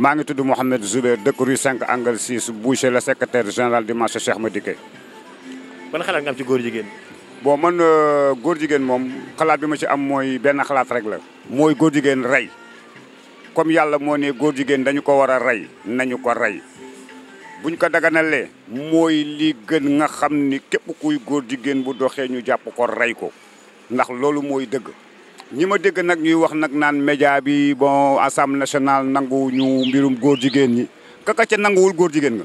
maa ngi tudd Mouhamed Zouber dëkk rue 5 angle 6 boucher le secrétaire général du marché Cheikh Madické. ban xalaat nga am ci góor jigéen. bon man euh, góor jigéen moom xalaat bi ma ci am mooy benn xalaat rek la. mooy góor jigéen rey comme yàlla moo ne góor jigéen dañu ko war a rey nañu ko rey buñ ko daganalee. mooy li gën nga xam ni képp kuy góor jigéen bu doxee ñu jàpp ko rey ko ndax loolu mooy dëgg. ñi ma dégg nag ñuy wax nag naan média bi bon assemblée nationale nangu ñu mbirum góor jigéen ñi kaka ca nanguwul góor jigéen nga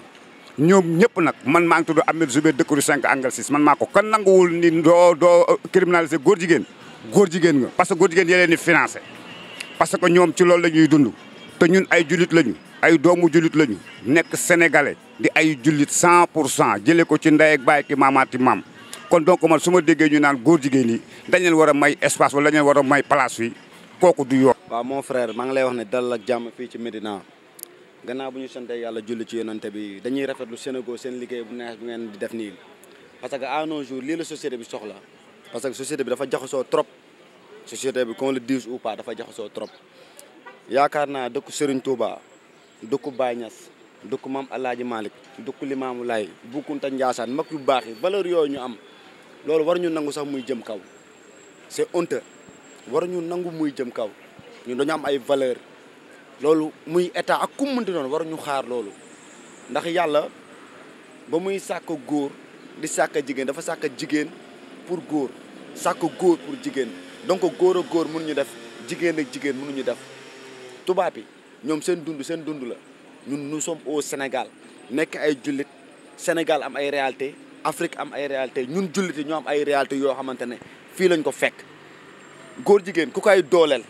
ñoom ñëpp nag man maa ngi amee Ahmed Zoubeir dëkk rue 5 angle 6 man maa ko kan nanguwul ni doo doo euh, criminaliser góor jigéen góor jigéen nga parce que góor jigéen yéen ni financé parce que ñoom ci loolu la ñuy dund te ñun ay jullit lañu ay doomu jullit lañu nekk sénégalais di ay jullit 100 pour cent jëlee ko ci ndey ak baay ki maamaati maam kon donc man su ma déggee ñu naan góor jigéen ñi dañ leen war a may espace wala dañ war a may place fii kooku du yoon. waaw mon frère maa ngi lay wax ne dalal ak jàmm fii ci Médina gannaaw bu ñu sante yàlla julli ci yonante bi dañuy rafetlu Sénégal seen liggéey bu neex bu ngeen di def nii parce que à nos jours lii la société bi soxla parce que société bi dafa jaxasoo trop société bi qu'on le dise ou pas dafa jaxasoo trop yaakaar naa dëkku Serigne Touba dëkku Baye Niass dëkku maam Alaaji Malick dëkku Limaamu Laay Bukkunta Njaasaan mag yu baax yi valeur yooyu ñu am loolu war ñu nangu sax muy jëm kaw c'est honteux war ñu nangu muy jëm kaw ñun dañu am ay valeur loolu muy état ak ku mu mënti doon war ñu xaar loolu ndax yàlla ba muy sàkk góor di sàkk jigéen dafa sàkk jigéen pour góor sàkk góor pour jigéen donc góor a góor mënuñu def jigéen ak jigéen mënuñu def tubaab yi ñoom seen dund seen dund la ñun nu soom au Sénégal nekk ay jullit Sénégal am ay réalité Afrique am ay réalité ñun jullit yi ñu am ay réalité yoo xamante ne fii lañ ko fekk góor jigéen ku koy dooleel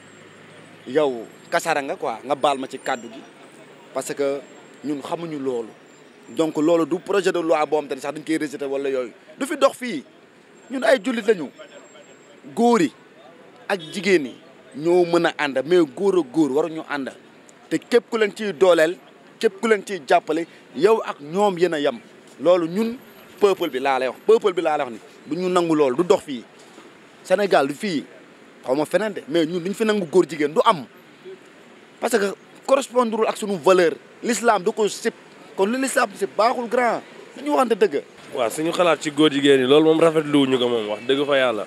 yow kasara nga quoi nga baal ma ci kàddu gi parce que ñun xamuñu loolu donc loolu du projet de loi boo xam te sax dañ koy rejeté wala yooyu du fi dox fii ñun ay jullit lañu góor yi ak jigéen ñi ñoo mën a ànd mais góor ak góor waruñu ànd te képp ku leen ciy dooleel képp ku leen ciy jàppale yow ak ñoom yéen a yem loolu ñun peuple bi laa lay bi laa ni du ñu nangu loolu du dox fii Sénégal du fii xaw ma feneen mais ñun duñ fi nangu góor jigéen du am parce que correspondre ak suñu valeur lislaam du ko sib kon lu l'islam sib baaxul grand dañu waxante dëgg waaw suñu xalaat ci góor jigéen yi loolu moom ñu ko moom wax dëgg fa yàlla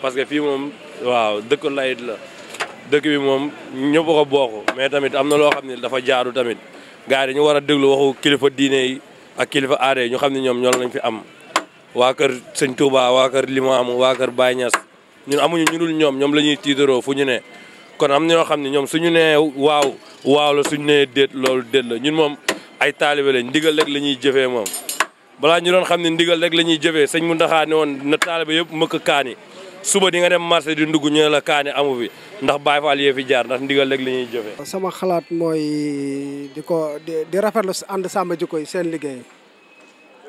parce que fii moom waaw dëkk layit la dëkk bi moom ñëpp ko bokk mais tamit am na loo xam ne dafa jaaru tamit gaa yi dañu war a déglu waxu kilifa diine ak kilifa aada yi ñu xam ne ñoom ñoo lañ fi am waa kër sëñ Touba waa kër Limaamu waa kër Baye ñun amuñu ñu ñoom ñoom la ñuy tiitaroo fu ñu ne kon am na ñoo xam ne ñoom suñu nee waaw waaw la suñu nee déet loolu déet la ñun moom ay taalibe lañ ndigal rek la ñuy jëfee moom balaa ñu doon xam ne ndigal rek la ñuy jëfee sëñ Mountakha ne woon na taalibe yëpp mëkk kaani suba di nga dem marché di ndugg ñu ne la kaani amu fi ndax Baay Faal yee fi jaar ndax ndigal rek lañuy ñuy jëfe sama xalaat mooy di ko di rafetlu ànd sàmm jikko yi seen liggéey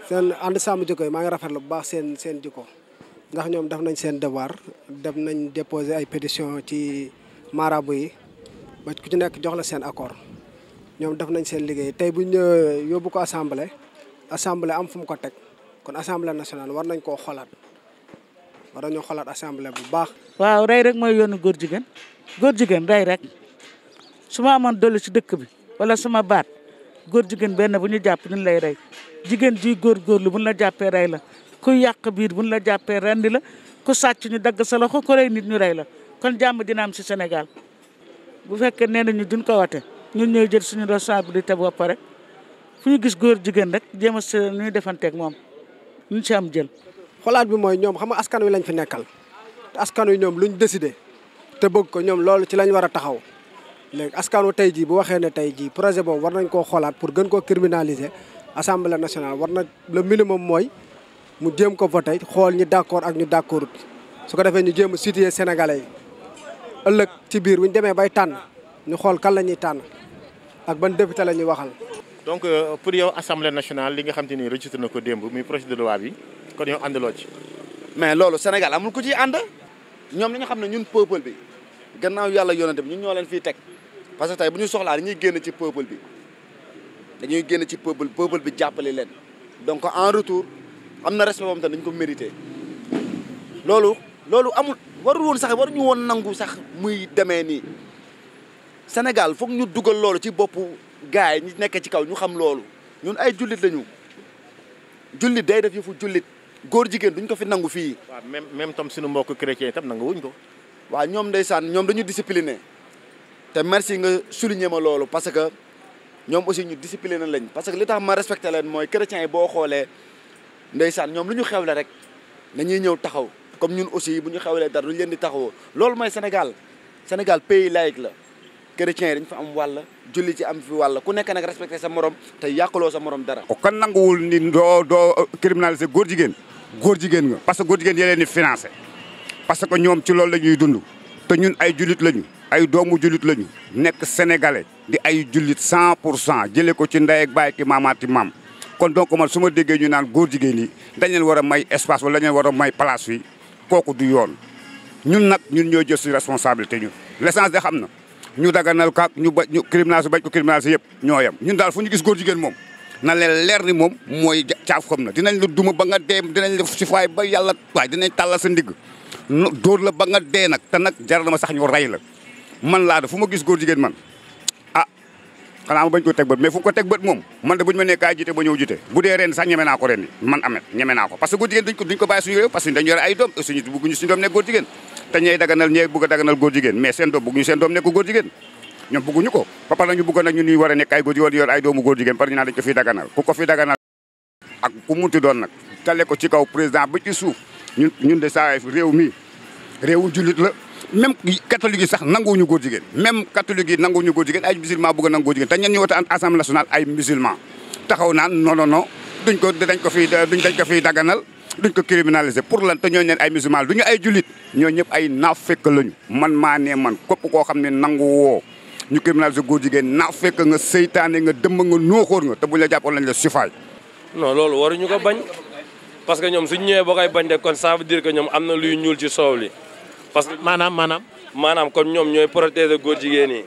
seen ànd sàmm jikko yi maa ngi rafet lu bu baax seen seen jikko ndax ñoom def nañ seen devoir dem nañ déposer ay pétition ci marabu yi ba ku ci nekk jox la seen accord ñoom def nañ seen liggéey tey bu ñu yóbbu ko assemblée assemblée am fu mu ko teg kon assemblée nationale war nañ koo xoolaat war nañoo xoolaat assemblée bu baax. waaw rey rek mooy yoonu góor jigéen góor jigéen rey rek su ma amoon dolli si dëkk bi wala suma baat góor jigéen benn bu ñu jàpp ni lay rey jigéen ji góor góorlu bu la jàppee rey la ku yàq biir bu ñu la jàppee rendi la ku sàcc ñu dagg sa loxo ku rey nit ñu rey la kon jàmm dina am ci Sénégal bu fekkee nee nañu duñ ko wate ñun ñooy jël saabu suñu responsabilité ba pare fu ñu gis góor jigéen rek jéem a ñuy defanteeg moom ñu si am jël. xolaat bi mooy ñoom xam nga askan wi lañ fi nekkal te askan wi ñoom lu luñ décidé te bëgg ko ñoom loolu ci lañ war a taxaw léegi askan wu tey jii bu waxee ne tey jii projet boobu war nañ koo xolaat pour gën koo criminaliser assemblée nationale war na le minimum mooy mu jéem ko voté xool ñi d' accord ak ñu d' accordut su ko defee ñu jéem a situer sénégalais yi ëllëg ci biir bu ñu demee bay tànn ñu xool kan la ñuy tànn ak ban député la ñuy waxal. donc euh, pour yow assemblée nationale li nga xam te ni rejeté na ko démb muy projet de loi bi kon yow àndaloo ci. mais loolu Sénégal amul ku ciy ànd. ñoom li nga xam ne ñun peuple bi gannaaw yàlla yonante bi ñu ñoo leen fiy teg parce que tey bu ñu soxlaa dañuy génn ci peuple bi dañuy génn ci peuple peuple bi jàppale leen donc en retour am na respect moom tam dañ ko mérité loolu loolu amul warul woon sax waruñu woon nangu sax muy demee nii Sénégal foog ñu dugal loolu ci boppu. gars yi ñu nekkee ci kaw ñu xam loolu ñun ay jullit lañu jullit day def fu jullit góor jigéen duñ ko fi nangu fii. waaw même même tam suñu mbokk chrétien itam nanguwuñ ko. waaw ñoom ndeysaan ñoom dañu discipliné te merci nga souligner ma loolu parce que ñoom aussi ñu discipliné lañ parce que li tax ma respecté leen mooy chrétiens yi boo xoolee ndeysaan ñoom lu ñu xew xewle rek dañuy ñëw taxaw comme ñun aussi bu ñu xewlee dara duñ leen di taxaw loolu mooy Sénégal Sénégal pays la. chrétiens yi dañ fa am walla julli ci am fi wàll ku nekk nag respecté sa morom te yàqaloo sa morom dara. kon nanguwul ni doo doo euh, criminaliser góor jigéen góor jigéen nga. parce que góor jigéen yéen ni financé parce que ñoom ci loolu la ñuy dund te ñun ay jullit lañu. ay doomu jullit lañu nekk sénégalais di ay jullit cent pour cent jëlee ko ci ndey ak baay ki maamaati maam kon donc man su ma déggee ñu naan góor jigéen yi dañ war a may espace wala dañ leen war a may place fii kooku yoon ñun nag ñun ñoo jël suñu responsabilité ñu l'essence de xam na. ñu daganal kaak ñu ba ñu criminal si ko criminal si ñoo yem ñun daal foo ñu gis góor jigéen moom na leen leer ni moom mooy caaf xam na dinañ la duma ba nga dee dinañ la si faay ba yàlla waaye dinañ tàllal sa ndigg door la ba nga dee nag te nag jaral ma sax ñu rey la man laa da fu ma gis góor jigéen man xanaa ma bañ ko teg bët moom man bu ñu ma nee kaay jite ba ñëw bu dee ren sax ñeme naa man amet ñeme parce que góor jigéen duñ ko duñ ko ñu bëgg nag ñu même catholique yi sax nanguwuñu góor jigéen même catholique yi nanguwuñu góor jigéen ay musulman bëgg a nangu góor jigéen te ñan ñu wote assemblée nationale ay musulman taxaw naan non non non ko dañ dañ ko fiy daganal duñ ko criminaliser pour lan te ñoo ñeen ay musulman duñu ay julit ñoo ñëpp ay naafekk lañu man maa ne man képp koo xam ne nangu woo ñu criminaliser góor jigéen fekk nga seytaane nga dëmb nga nooxóor nga te buñ la jàppoon lañ la sufaay non loolu waruñu ko bañ parce que ñoom suñ ñëwee boo koy bañ de kon ça veut dire que ñoom am na luy ñuul ci soow parce que maanaam maanaam. maanaam kon ñoom ñooy protéger góor jigéen yi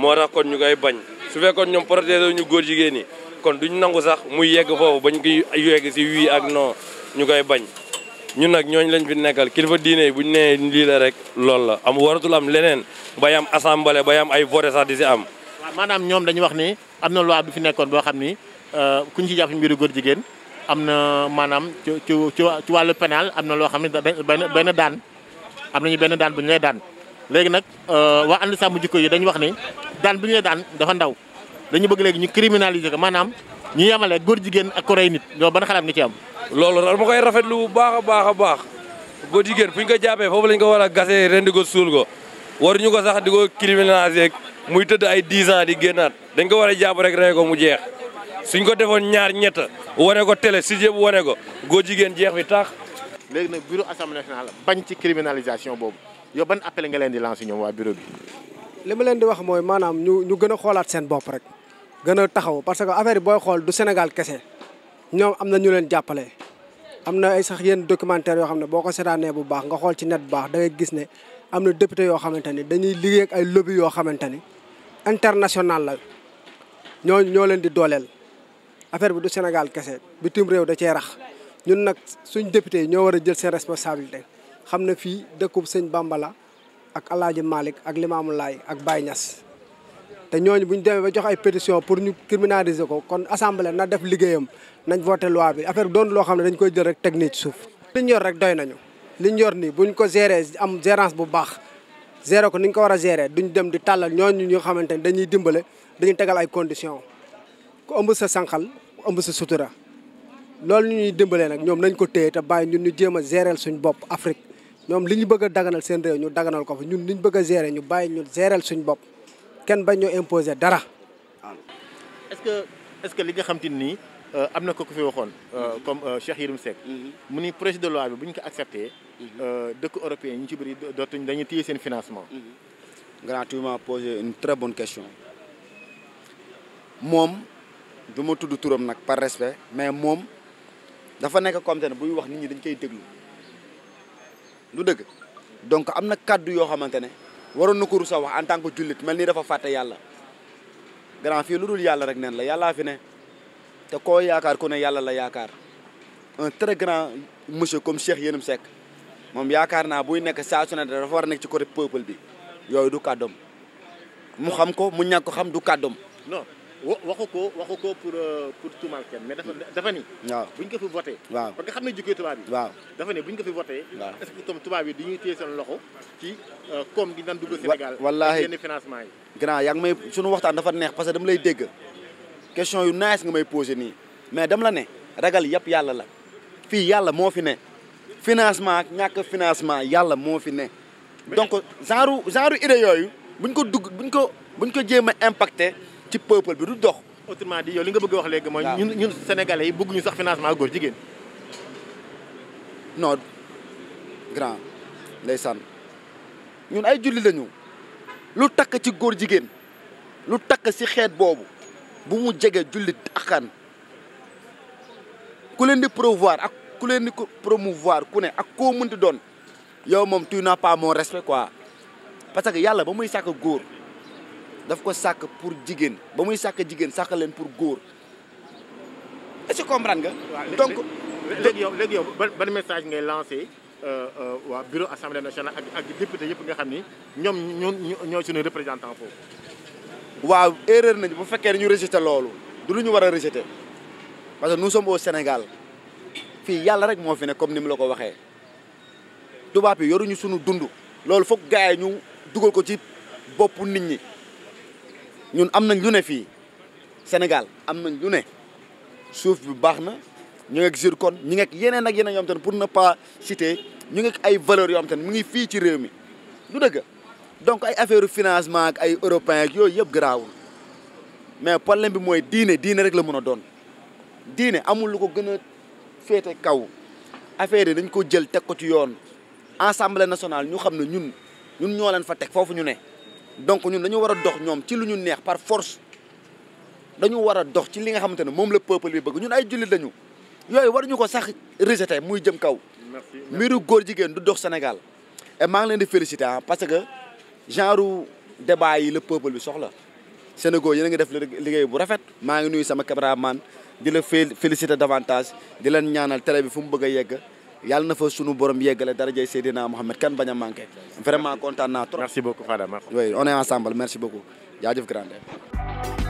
moo tax kon ñu koy bañ su fekkoon ñoom protéger ñu góor jigéen yi kon duñ nangu sax muy yegg foofu bañ koy yegg si wii ak noo ñu koy bañ ñun nag ñooñu lañ fi nekkal kilifa diine bu buñ nee lii rek loolu la am waratul am leneen bay am assemblée bay am ay vote sax di si am. maanaam ñoom dañu wax ni am na loi bu fi nekkoon boo xam ni euh, kuñ ci jàpp mbiru góor jigéen am na maanaam ci ci ci wàllu pénal am na loo xam ne benn benn daan. am nañu benn daan bu ñu lay daan léegi nag euh, waa ànd sàmm jikko yi dañu wax ni daan bu ñu lay daan dafa ndaw dañu bëgg léegi ñu criminaliser ko maanaam ñu yemale góor jigéen ak koray nit loolu ban xalaat nga ci am loolu dama koy rafetlu bu baax a baax a baax góor jigéen fu ñu ko jàppee foofu lañ ko war a gasee rendi ko go ko waruñu ko sax di ko criminaliser muy tëdd ay 10 ans di génnaat dañ ko war a jàpp rek rey ko mu jeex suñ ko defoon ñaar ñett wane ko tele si bu wane ko góor jigéen jeex bi tax léegi nag bureau assemblée nationale bañ ci criminalisation boobu yow ban appel nga leen di lancer ñoom waa bureau bi. li ma leen di wax mooy maanaam ñu ñu gën a xoolaat seen bopp rek. gën a taxaw parce que affaire booy xool du Sénégal kese ñoom am na ñu leen jàppale. am na ay sax yenn documentaire yoo xam ne boo ko seetaanee bu baax nga xool ci net bu baax da gis ne am na député yoo xamante ni dañuy liggéey ak ay lobby yoo xamante ni international la ñoo ñoo leen di dooleel affaire bi du Sénégal kese bitim réew da cee rax. ñun nag suñ député yi ñoo war a jël seen responsabilité xam na fii dëkkub sëñ Bambala ak Alaaji malik ak Limaamu Laay ak bay ñas te ñooñu bu ñu demee ba jox ay pétition pour ñu criminaliser ko kon assemblée na def liggéeyam nañ voté loi bi affaire doon loo xam ne dañ koy jël rek technique ci suuf liñ yor rek doy nañu liñ yor nii buñ ko géré am gérance bu baax géré ko ni ñu ko war a géré duñ dem di tàllal ñooñu ñu xamante ne dañuy dimbale dañuy tegal ay conditions ku ëmb sa sànqal ëmb sa sutura loolu ñuy dimbalee nag ñoom nañ ko téye te bàyyi ñun ñu jéem a géreel suñ bopp Afrique ñoom li ñu bëgg a daganal seen réew ñu daganal ko fa ñun li ñu bëgg a gérer ñu bàyyi ñu géreel suñ bopp kenn bañ ñoo imposer dara waaw. est-ce que est-ce que li nga xam te nii euh, am na ko ku fi waxoon euh, comme euh, Cheikh Yérim Seck. Mm-hmm. mu ni projet de loi bi bu ñu ko accepté. Mm-hmm. dëkk européen ñu ci bëri dootuñ dañuy téye seen financement. Mm-hmm. gratuitement posé une très bonne question moom du ma tudd turam nag par respect mais moom. dafa nekk comme te ne buy wax nit ñi dañ koy déglu lu dëgg donc am na kàddu yoo xamante ne waroon na ko rusa wax en tant que jullit mel nii dafa fàtte yàlla grand fii lu dul yàlla rek neen la yàllaa fi ne te koo yaakaar ku ne yàlla la yaakaar un très grand monsieur comme Cheikh mu Seck moom yaakaar naa buy nekk saa su ne dafa war a nekk ci côté peuple bi yooyu du kàddoom mu xam ko mu ñàkk ko xam du kàddoom waxu ko waxu ko pour euh, pour tuumaal kenn mais dafa dafa ni. waaw bu ñu ko fi voté. waaw bu ñu ko fi voté. waaw est ce que comme tubaab yi dañuy téye seen loxo ci euh, koom gi daan dugg Sénégal. wallaahi grand yaa ngi may sunu waxtaan dafa neex parce que dama lay dégg question yu nice nga may posé nii mais dama la ne ragal yëpp yàlla la fi yàlla moo fi ne financement ak ñàkk financement yàlla moo fi ne. donc genre genre idée yooyu buñ ko dugg buñ ko buñ ko jéem a impacté. ci peuple bi du dox. autrement di yow li nga bëgg wax léegi mooy. ñun ñun sénégalais yi bëgguñu sax financement góor jigéen. non grand ndeysaan ñun ay julli lañu lu takk ci góor jigéen lu takk ci xeet boobu bu mu jege jullit axan ku leen di promouvoir ak ku leen di promouvoir ku ne ak ko mënt doon yow moom tu n'as pas mon respect quoi parce que yàlla ba muy sàkk góor. daf ko sàkk pour jigéen ba muy sàkk jigéen sàkk leen pour góor est-ce que comprendre nga. donc léegi yow léegi yow ban ban message ngay lancé euh, euh, waa bureau assemblée nationale ak ak député yëpp nga xam ni ñoom ñoo ñoo suñu représentant foofu. waaw erreur nañu bu fekkee dañu rejeté loolu du lu ñu war a rejeté parce que nous sommes au Sénégal fii yàlla rek moo fi ne comme ni mu la ko waxee tubaab yi yoruñu sunu dund. loolu foog gars yi ñu dugal ko ci boppu nit ñi. ñun am nañ lu ne fii Sénégal am nañ lu ne suuf bi baax na ñu ngi ak zircon ñu ngekk yeneen ak yeneen yoo te pour ne pas citer ñu ngi ay valeurs yoo xam te ne mu ngi fii ci réew mi du dëgg donc ay affaire financement ak ay européen ak yooyu yëpp garaawul mais problème bi mooy diine diine rek la mën a doon diine amul lu ko gën a féete kaw affaire yi dañ ko jël teg ko ci yoon assemblée nationale ñu xam ne ñun ñun ñoo leen fa teg foofu ñu ne donc ñun dañu war a dox ñoom ci lu ñu neex par force dañu war a dox ci li nga xamante ne moom la peuple bi bëgg ñun ay jullit lañu yooyu war ñu ko sax rejeté muy jëm kaw. mbiru góor jigéen du dox Sénégal. et maa ngi leen di félicité ah parce que genre débat yi la peuple bi soxla. Sénégal yi a ngi def liggéey bu rafet. maa ngi nuyu sama cameraman di la félicité davantage di leen ñaanal tele bi fu mu bëgg a yegg. yàlla na fa sunu borom yeggale darajay Seydina Mohamed kan bañ kenn manqué vraiment kontaan naa trop. merci beaucoup Fada oui on est ensemble merci beaucoup jaajëf grande